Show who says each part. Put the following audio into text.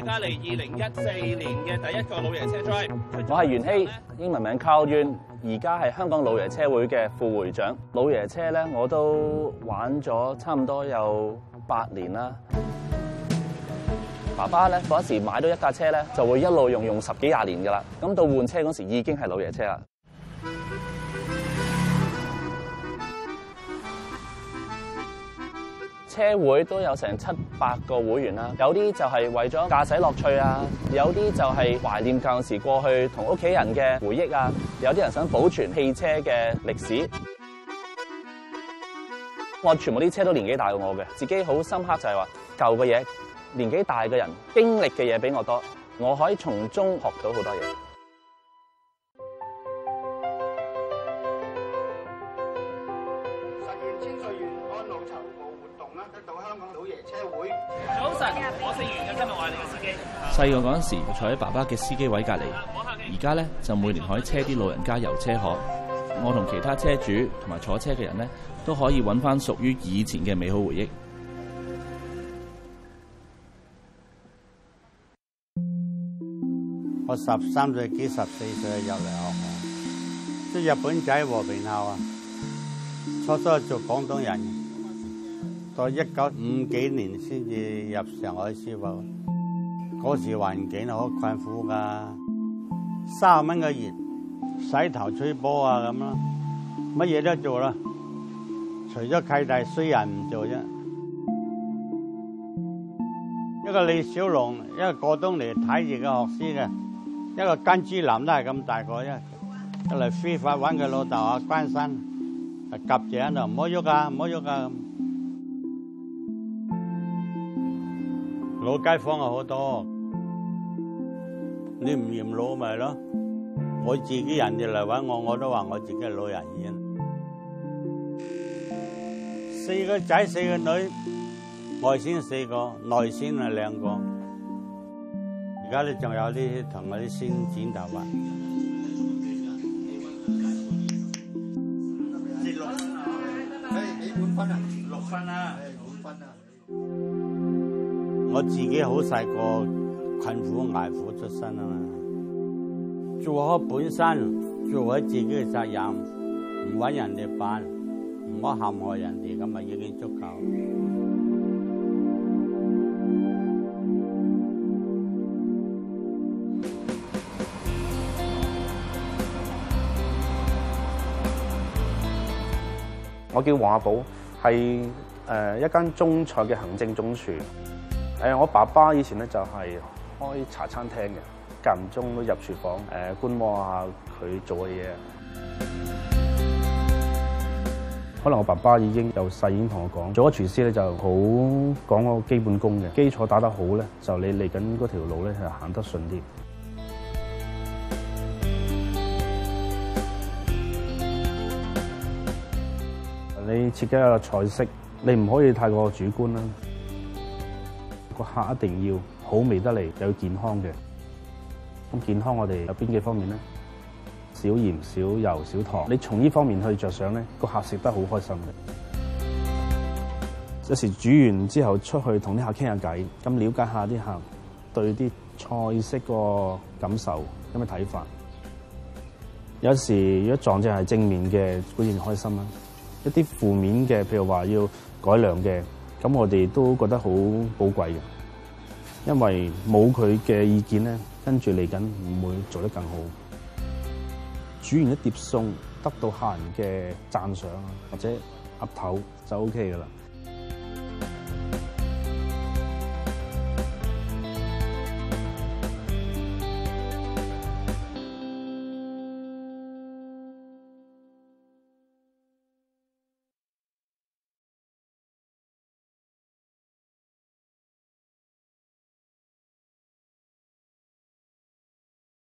Speaker 1: 而家嚟二零一四年嘅第一個老爺車賽，我係源曦，英文名 Carl Yuan，而家係香港老爺車會嘅副會長。老爺車咧，我都玩咗差唔多有八年啦。爸爸咧嗰時買到一架車咧，就會一路用用十幾廿年噶啦。咁到換車嗰時候，已經係老爺車啦。車會都有成七百個會員啦，有啲就係為咗駕駛樂趣啊，有啲就係懷念舊時過去同屋企人嘅回憶啊，有啲人想保存汽車嘅歷史。我全部啲車都年紀大過我嘅，自己好深刻就係話舊嘅嘢，年紀大嘅人經歷嘅嘢比我多，我可以從中學到好多嘢。
Speaker 2: 得到香港老爺車會。早晨上，我
Speaker 1: 姓源，今日我係你嘅司機。細個嗰陣時坐喺爸爸嘅司機位隔籬，而家咧就每年可以車啲老人家遊車河。我同其他車主同埋坐車嘅人咧都可以揾翻屬於以前嘅美好回憶。
Speaker 3: 我十三歲幾十四歲入嚟學校，即日本仔和平後啊，初初做廣東人。我一九五幾年先至入上海師傅，嗰時環境好困苦㗎，三廿蚊個月洗頭吹波啊咁咯，乜嘢都做啦，除咗契弟衰人唔做啫。一個李小龍，一個過冬嚟睇住佢學師嘅，一個金珠林都係咁大個啫。佢嚟飛髮揾佢老豆阿關山，夾住喺度，唔好喐啊，唔好喐啊。老街坊啊好多，你唔嫌老咪係咯，我自己人哋嚟揾我，我都話我自己係老人院。四個仔四個女，外孫四個，內孫啊兩個，而家咧仲有啲同我啲孫剪頭髮。你六分啊，誒幾滿分啊，六分啊，誒滿分啊。我自己好細個，困苦捱苦出身啊嘛，做好本身，做好自己嘅責任，唔搵人哋辦，唔好陷害人哋咁咪已經足夠。
Speaker 1: 我叫
Speaker 2: 黃亞保，係誒一間中菜嘅行政總廚。誒，我爸爸以前咧就係開茶餐廳嘅，間唔中都入廚房誒觀摩下佢做嘅嘢。可能我爸爸已經由細已同我講，做個廚師咧就好講嗰個基本功嘅，基礎打得好咧，就你嚟緊嗰條路咧係行得順啲。 你設計個菜式，你唔可以太過主觀啦。個客一定要好味得嚟，又要健康嘅。咁健康我哋有邊幾方面咧？少鹽、少油、少糖。你從呢方面去着想咧，個客食得好開心嘅。有時煮完之後出去同啲客傾下偈，咁了解下啲客對啲菜式個感受，有咩睇法。有時如果撞正係正面嘅，固然開心啦。一啲負面嘅，譬如話要改良嘅。咁我哋都覺得好寶貴嘅，因為冇佢嘅意見咧，跟住嚟緊唔會做得更好。煮完一碟餸，得到客人嘅讚賞或者岌頭就 O K 噶啦。